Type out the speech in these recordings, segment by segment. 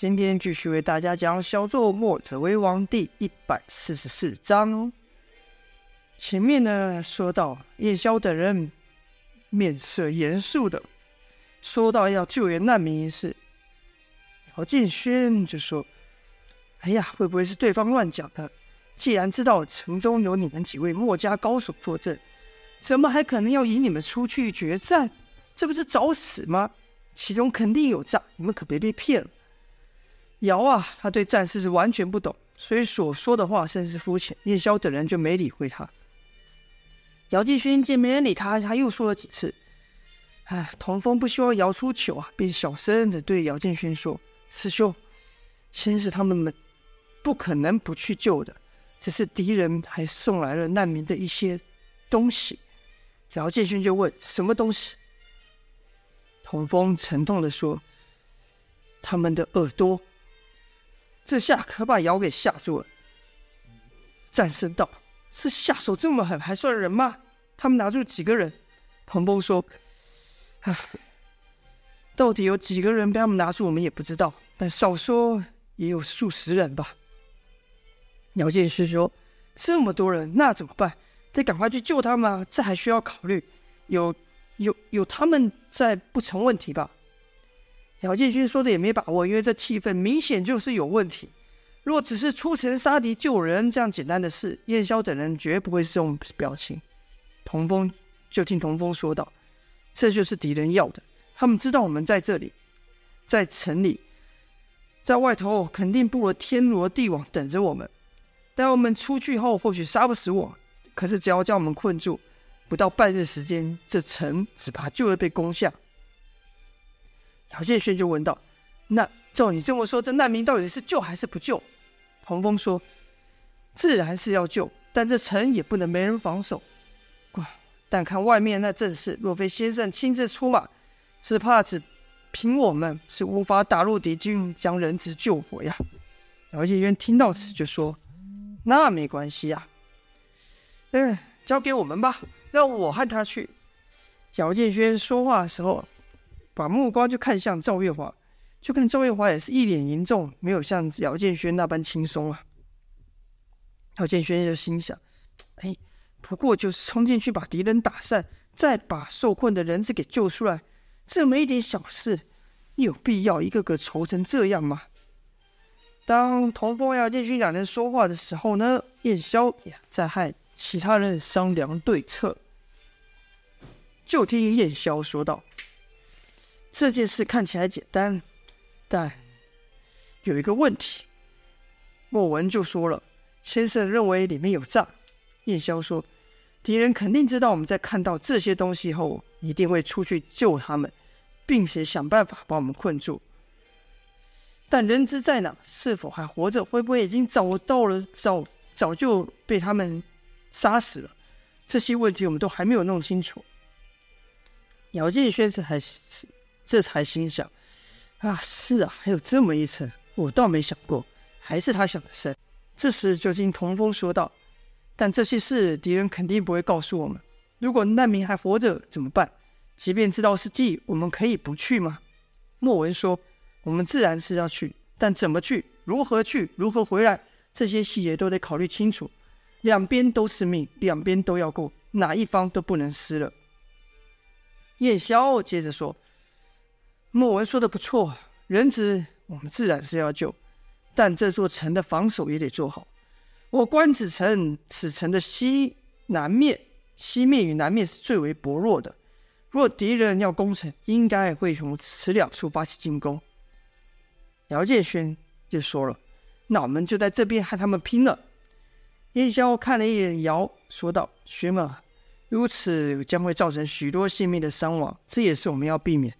今天繼續為大家講《小作墨者為王》第一百四十四章哦。前面呢，說到葉蕭等人面色嚴肅的說到要救援難民一事，姚建軒就說：“哎呀，會不會是對方亂講的？既然知道城中有你們幾位墨家高手坐鎮，怎麼還可能要引你們出去決戰？這不是找死嗎？其中肯定有詐，你們可別被騙了。”姚啊，他對戰事是完全不懂，所以所說的話甚是膚淺。葉蕭等人就沒理會他。姚建勳見沒人理他，他又說了幾次。唉，童風不希望姚出糗啊，便小聲的對姚建勳說：“師兄，先是他們們不可能不去救的，只是敵人還送來了難民的一些東西。”姚建勳就問：“什麼東西？”童風沉痛的說：“他們的耳朵。”這下可把姚給嚇住了。戰聲道：“這下手這麼狠，還算人嗎？”他們拿住幾個人？彭峰說：“唉，到底有幾個人被他們拿住，我們也不知道。但少說也有數十人吧。”姚建師說：“這麼多人，那怎麼辦？得趕快去救他們啊。這還需要考慮。有，有，有，他們在，不成問題吧？”姚建勳說的也沒把握，因為這氣氛明顯就是有問題。若只是出城殺敵救人這樣簡單的事，燕霄等人絕不會是這種表情。童風就聽童風說道：“這就是敵人要的。他們知道我們在這裡，在城裡，在外頭肯定佈了天羅地網等着我們。待我們出去後，或許殺不死我，可是只要將我們困住，不到半日時間，這城只怕就會被攻下。”姚建軒就問道：“那照你這麼說，這難民到底是救還是不救？”洪峰說：“自然是要救，但這城也不能沒人防守。但看外面那陣勢，若非先生親自出馬，只怕只憑我們是無法打入敵軍，將人質救回呀。”姚建軒聽到此就說：“那沒關係呀，啊，嗯，交給我們吧，讓我和他去。”姚建軒說話的時候。把目光就看向趙月華，就看趙月華也是一臉凝重，沒有像姚建軒那般輕鬆啊。姚建軒就心想：“哎、欸，不過就是衝進去把敵人打散，再把受困的人質給救出來，這麼一點小事，你有必要一個個愁成這樣嗎？”當同風、姚建軒兩人說話的時候呢，燕霄也在和其他人商量對策。就聽燕霄說道。這件事看起來簡單，但有一個問題。莫文就說了：“先生認為裡面有詐。”燕霄說：“敵人肯定知道我們在看到這些東西後，一定會出去救他們，並且想辦法把我們困住。但人質在哪？是否還活着？會不會已經找到了？早早就被他們殺死了？這些問題我們都還沒有弄清楚。”姚建先生還是。這才心想，啊，是啊，還有這麼一層，我倒沒想過。還是他想得深。這時就聽童風說道：“但這些事敵人肯定不會告訴我們。如果難民還活着怎麼辦？即便知道是計，我們可以不去嗎？”莫文說：“我們自然是要去，但怎麼去，如何去，如何回來，這些細節都得考慮清楚。兩邊都是命，兩邊都要過，哪一方都不能失了。”葉蕭接着說。莫文說得不錯，人質我們自然是要救，但這座城的防守也得做好。我觀此城此城的西南面、西面與南面是最為薄弱的，若敵人要攻城，應該會從此兩處發起進攻。姚建勳就說了，那我們就在這邊和他們拼了。燕蕭看了一眼姚，說道：“勳兒，如此將會造成許多性命的傷亡，這也是我們要避免。”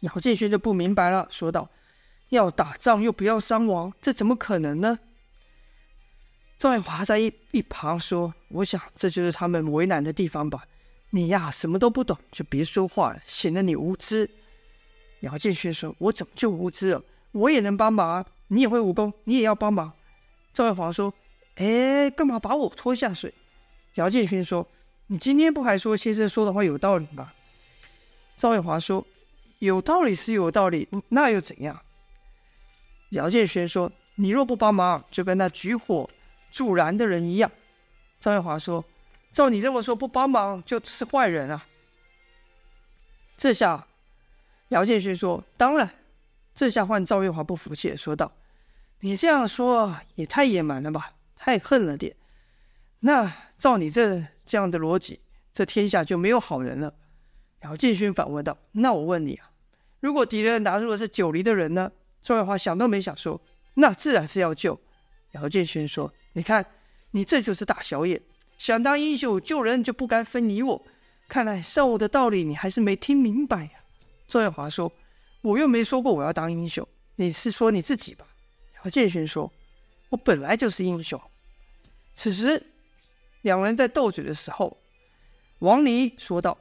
姚建軒就不明白了，說道：“要打仗又不要傷亡，這怎麼可能呢？”趙月華在一一旁說：“我想這就是他們為難的地方吧。你呀，什麼都不懂，就別說話了，顯得你無知。”姚建軒說：“我怎麼就無知了？我也能幫忙啊，你也會武功，你也要幫忙。”趙月華說：“哎，幹嘛把我拖下水？”姚建軒說：“你今天不還說先生說的話有道理嗎？”趙月華說。有道理是有道理，那又怎樣？姚建勳說：“你若不幫忙，就跟那舉火助燃的人一樣。”張月華說：“照你這麼說，不幫忙就是壞人啊！”這下，姚建勳說：“當然。”這下換趙月華不服氣說道：“你這樣說也太野蠻了吧，太恨了點。那照你這這樣的邏輯，這天下就沒有好人了？”姚建勳反問道：“那我問你啊？”如果敵人拿出的是九黎的人呢？周月華想都沒想說：“那自然是要救。”姚建勳說：“你看，你這就是大小眼，想當英雄救人就不該分你我。看來上午的道理你還是沒聽明白呀、啊。”周月華說：“我又沒說過我要當英雄，你是說你自己吧？”姚建勳說：“我本來就是英雄。”此時，兩人在鬥嘴的時候，王黎說道。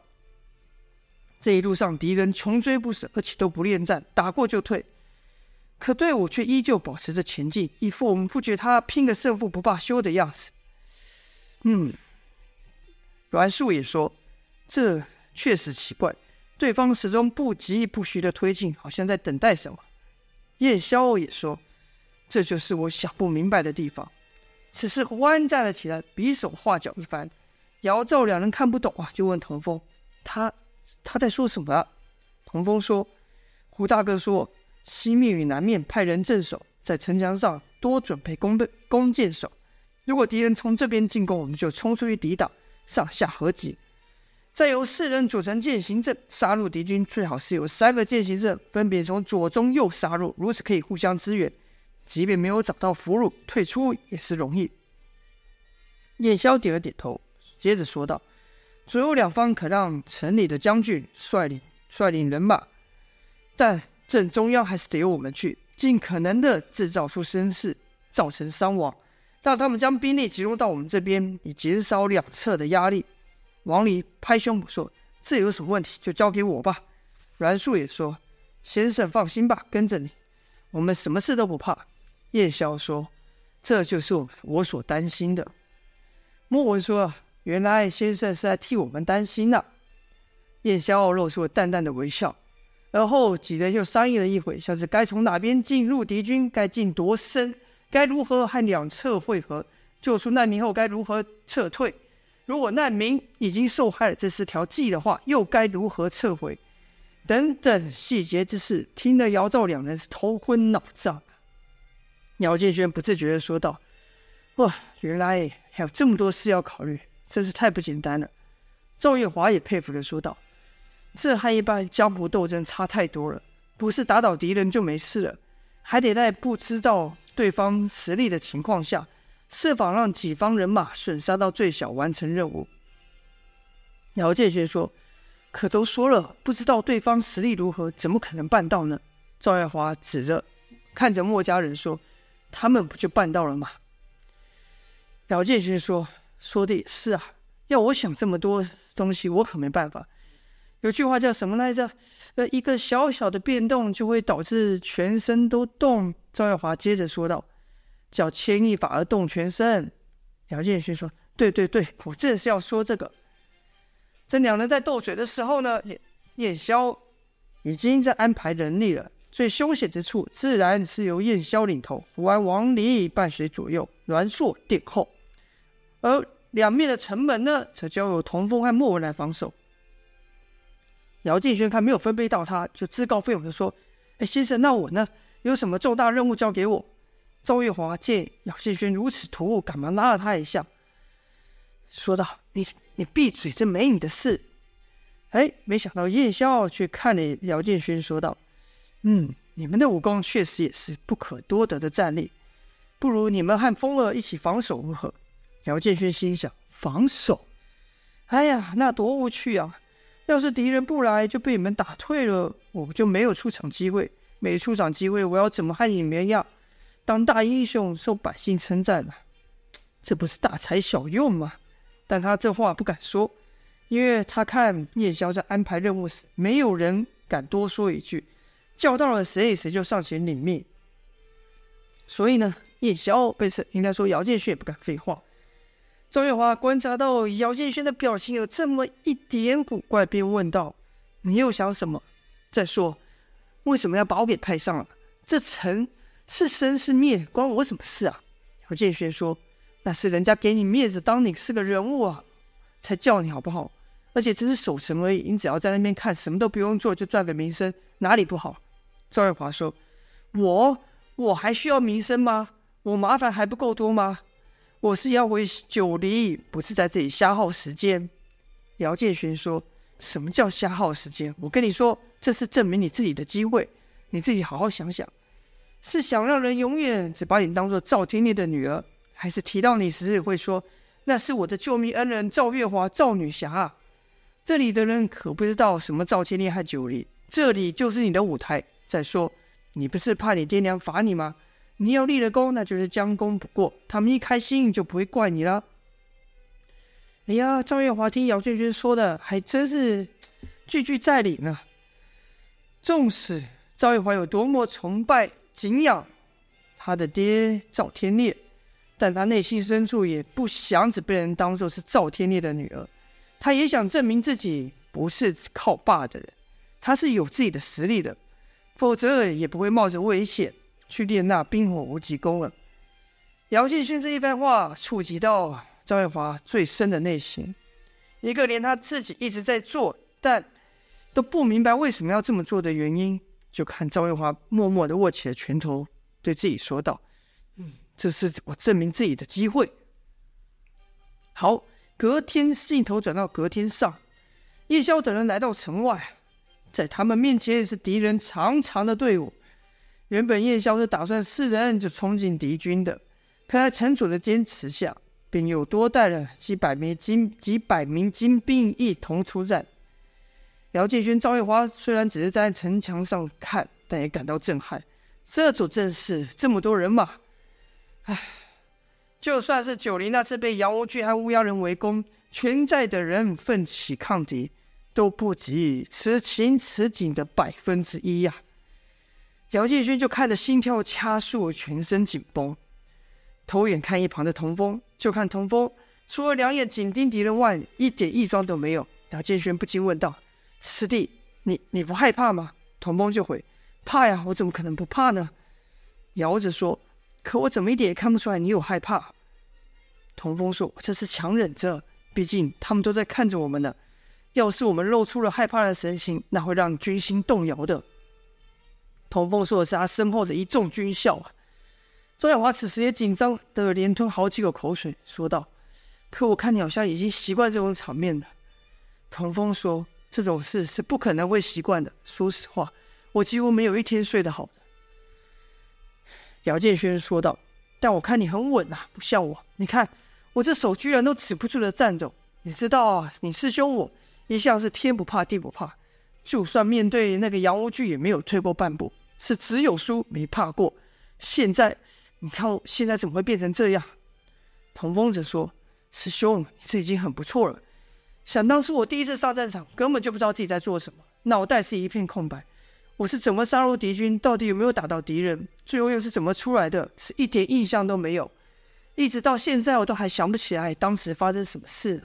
這一路上敵人窮追不舍，而且都不戀戰，打過就退，可隊伍卻依舊保持着前進，一副我們不覺他拼個勝負不罷休的樣子。嗯，阮述也說，這確實奇怪，對方始終不急不徐的推進，好像在等待什麼。葉蕭也說，這就是我想不明白的地方。此時胡安站了起來，比手畫腳一番，姚兆兩人看不懂啊，就問藤風他。他在說什麼啊？童風說：“胡大哥說，西面與南面派人鎮守，在城牆上多準備弓背弓箭手。如果敵人從這邊進攻，我們就衝出去抵擋，上下合擊。再由四人組成踐行陣殺入敵軍，最好是有三個踐行陣分別從左、中、右殺入，如此可以互相支援。即便沒有找到俘虜，退出也是容易。”夜霄點了點頭，接着說道。左右兩方可讓城裡的將軍率領率領人馬，但正中央還是得由我們去，盡可能地制造出聲勢，造成傷亡，讓他們將兵力集中到我們這邊，以減少兩側的壓力。王禮拍胸脯說：“這有什麼問題，就交給我吧。”阮述也說：“先生放心吧，跟着你，我們什麼事都不怕。”葉蕭說：“這就是我所擔心的。”莫文說。原來先生是在替我們擔心呢、啊。燕霄傲露出了淡淡的微笑，而後幾人又商議了一會，像是該從哪邊進入敵軍，該進多深，該如何和兩側會合，救出難民後該如何撤退，如果難民已經受害了這是條計的話，又該如何撤回？等等細節之事，聽得姚兆兩人是頭昏腦脹。苗建軒不自覺地說道：“哇，原來還有這麼多事要考慮。”真是太不簡單了，趙月華也佩服地說道：“這和一般江湖鬥爭差太多了，不是打倒敵人就沒事了，還得在不知道對方實力的情況下，設法讓己方人馬損傷到最小，完成任務。”姚建學說：“可都說了，不知道對方實力如何，怎麼可能辦到呢？”趙月華指着看着墨家人說：“他們不就辦到了嗎？”姚建學說。說的也是啊，要我想這麼多東西，我可沒辦法。有句話叫什麼來着？呃，一個小小的變動就會導致全身都動。趙耀華接着說道：“叫牽一髮而動全身。”姚建勳說：“對對對，我正是要說這個。”這兩人在鬥嘴的時候呢，燕燕霄已經在安排人力了。最兇險之處，自然是由燕霄領頭，伏安、王離伴隨左右，欒碩殿後。而兩面的城門呢，則交由童風和莫文來防守。姚建軒看沒有分配到他，他就自告奮勇地說：“哎，先生，那我呢？有什麼重大任務交給我？”趙月華見姚建軒如此突兀，趕忙拉了他一下，說道：“你你閉嘴，這沒你的事。”哎，沒想到葉蕭卻看着姚建軒說道：“嗯，你們的武功確實也是不可多得的戰力，不如你們和風兒一起防守如何？”姚建軒心想：防守，哎呀，那多無趣啊！要是敵人不來，就被你們打退了，我就沒有出場機會，沒出場機會，我要怎麼和你們一樣當大英雄，受百姓稱讚呢？這不是大材小用嗎？但他這話不敢說，因為他看葉瀟在安排任務時，沒有人敢多說一句，叫到了誰，誰就上前領命。所以呢，葉瀟被刺，應該說姚建勳也不敢廢話。趙月華觀察到姚建軒的表情有這麼一點古怪，便問道：“你又想什麼？再說，為什麼要把我給派上了？這城是生是滅，關我什麼事啊？”姚建軒說：“那是人家給你面子，當你是個人物啊，才叫你好不好？而且只是守城而已，你只要在那邊看，什麼都不用做，就賺個名聲，哪裡不好？”趙月華說：“我我還需要名聲嗎？我麻煩還不夠多嗎？”我是要回九黎，不是在這裡消耗時間。姚建勳說：“什麼叫消耗時間？我跟你說，這是證明你自己的機會，你自己好好想想。是想讓人永遠只把你當做趙天烈的女兒，還是提到你時也會說那是我的救命恩人趙月華、趙女俠啊？這裡的人可不知道什麼趙天烈和九黎，這裡就是你的舞台。再說，你不是怕你爹娘罰你嗎？”你要立了功，那就是將功補過。他們一開心，就不會怪你了。哎呀，趙月華聽姚娟娟說的，還真是句句在理呢。縱使趙月華有多麼崇拜、敬仰他的爹趙天烈，但他內心深處也不想只被人當作是趙天烈的女兒。他也想證明自己不是靠爸的人，他是有自己的實力的，否則也不會冒着危險。去練那冰火無極功了。楊敬勳這一番話觸及到趙月華最深的內心，一個連他自己一直在做，但都不明白為什麼要這麼做的原因。就看趙月華默默的握起了拳頭，對自己說道：“嗯，這是我證明自己的機會。”好，隔天鏡頭轉到隔天上，葉瀟等人來到城外，在他們面前也是敵人長長的隊伍。原本葉蕭是打算四人就衝進敵軍的，可在陳楚的堅持下，便又多帶了幾百名精、幾百名精兵一同出戰。姚繼軍、趙月華雖然只是站在城牆上看，但也感到震撼。這組陣勢，這麼多人馬，唉，就算是九黎那次被姚歐軍和烏鴉人圍攻，全寨的人奮起抗敵，都不及此情此景的百分之一呀。啊姚建軒就看着心跳加速，全身緊繃，偷眼看一旁的童風，就看童風除了兩眼緊盯敵人外，一點異狀都沒有。姚建軒不禁問道：“師弟，你你不害怕嗎？”童風就回：“怕呀，我怎麼可能不怕呢？”姚子說：“可我怎麼一點也看不出來你有害怕？”童風說：“這是強忍着，畢竟他們都在看着我們呢。要是我們露出了害怕的神情，那會讓軍心動搖的。”童峰說的是他身後的一眾軍校啊。周耀華此時也緊張的連吞好幾口口水，說道：“可我看你好像已經習慣這種場面了。”童峰說：“這種事是不可能會習慣的。說實話，我幾乎沒有一天睡得好的。”姚建軒說道：“但我看你很穩啊，不像我。你看我這手居然都止不住的顫抖。你知道啊，你師兄我一向是天不怕地不怕，就算面對那個楊無懼也沒有退過半步。”是只有輸沒怕過。現在你看，我現在怎麼會變成這樣？童風者說：“師兄，這已經很不錯了。想當初我第一次上戰場，根本就不知道自己在做什麼，腦袋是一片空白。我是怎麼殺入敵軍，到底有沒有打到敵人，最後又是怎麼出來的，是一點印象都沒有。一直到現在，我都還想不起來當時發生什麼事。”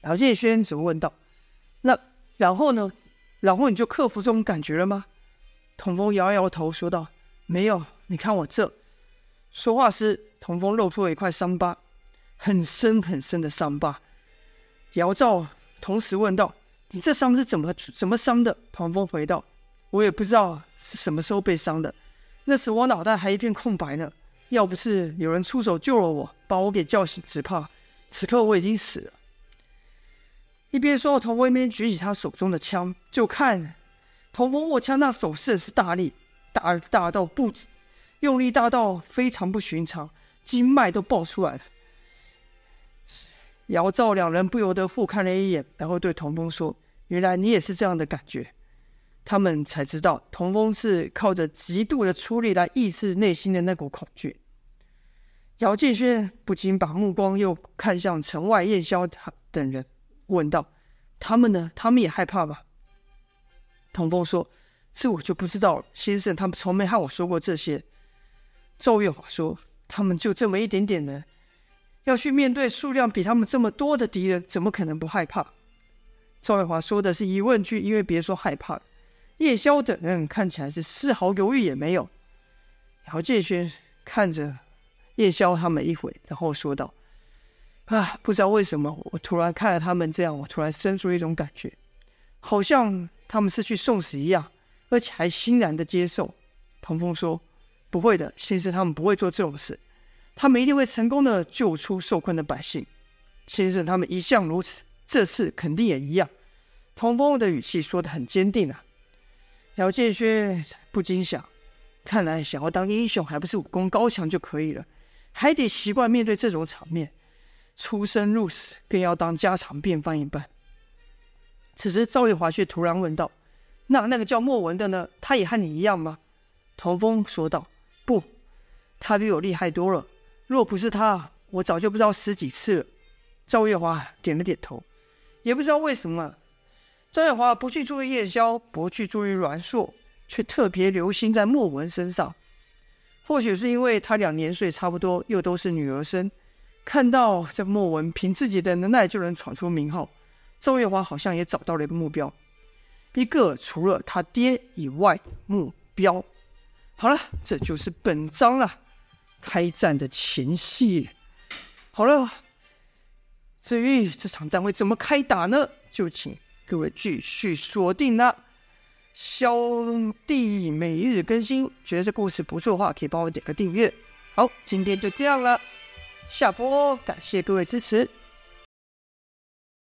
然後葉軒則問道：“那然後呢？”然後你就克服這種感覺了嗎？童風搖搖頭說道：“沒有，你看我這。”說話時，童風露出了一塊傷疤，很深很深的傷疤。姚照同時問道：“你這傷是怎麼怎麼傷的？”童峰回道：“我也不知道是什麼時候被傷的，那時我腦袋還一片空白呢。要不是有人出手救了我，把我給叫醒直怕，只怕此刻我已經死了。”一邊說，童威一邊舉起他手中的槍，就看童風握槍那手甚是，是大力，大大到不止，用力大到非常不尋常，筋脈都爆出來了。姚兆兩人不由得互看了一眼，然後對童風說：“原來你也是這樣的感覺。”他們才知道童風是靠着極度的出力來抑制內心的那股恐懼。姚建軒不禁把目光又看向城外燕霄他等人。問道：“他們呢？他們也害怕吧？”童峰說：“這我就不知道了，先生他們從沒和我說過這些。”趙月華說：“他們就這麼一點點人，要去面對數量比他們這麼多的敵人，怎麼可能不害怕？”趙月華說的是疑問句，因為別說害怕，葉蕭等人看起來是絲毫猶豫也沒有。姚建軒看着葉蕭他們一回，然後說道。啊！不知道為什麼，我突然看着他們這樣，我突然生出一種感覺，好像他們是去送死一樣，而且還欣然的接受。童峰說：“不會的，先生，他們不會做這種事，他們一定會成功的救出受困的百姓。先生，他們一向如此，這次肯定也一樣。”童峰的語氣說的很堅定啊。姚建勳不禁想：看來想要當英雄，還不是武功高強就可以了，還得習慣面對這種場面。出生入死，更要當家常便飯一般。此時，趙月華卻突然問道：“那那個叫莫文的呢？他也和你一樣嗎？”童風說道：“不，他比我厲害多了。若不是他，我早就不知道死幾次了。”趙月華點了點頭。也不知道為什麼，趙月華不去注意葉蕭，不去注意阮碩，卻特別留心在莫文身上。或許是因為他倆年歲差不多，又都是女兒身。看到這莫文憑自己的能耐就能闖出名號，趙月華好像也找到了一個目標，一個除了他爹以外的目標。好了，這就是本章了，開戰的前戲。好了，至於這場戰會怎麼開打呢？就請各位繼續鎖定那小弟每日更新。覺得這故事不錯的話，可以幫我點個訂閱。好，今天就這樣了。下播，感謝各位支持。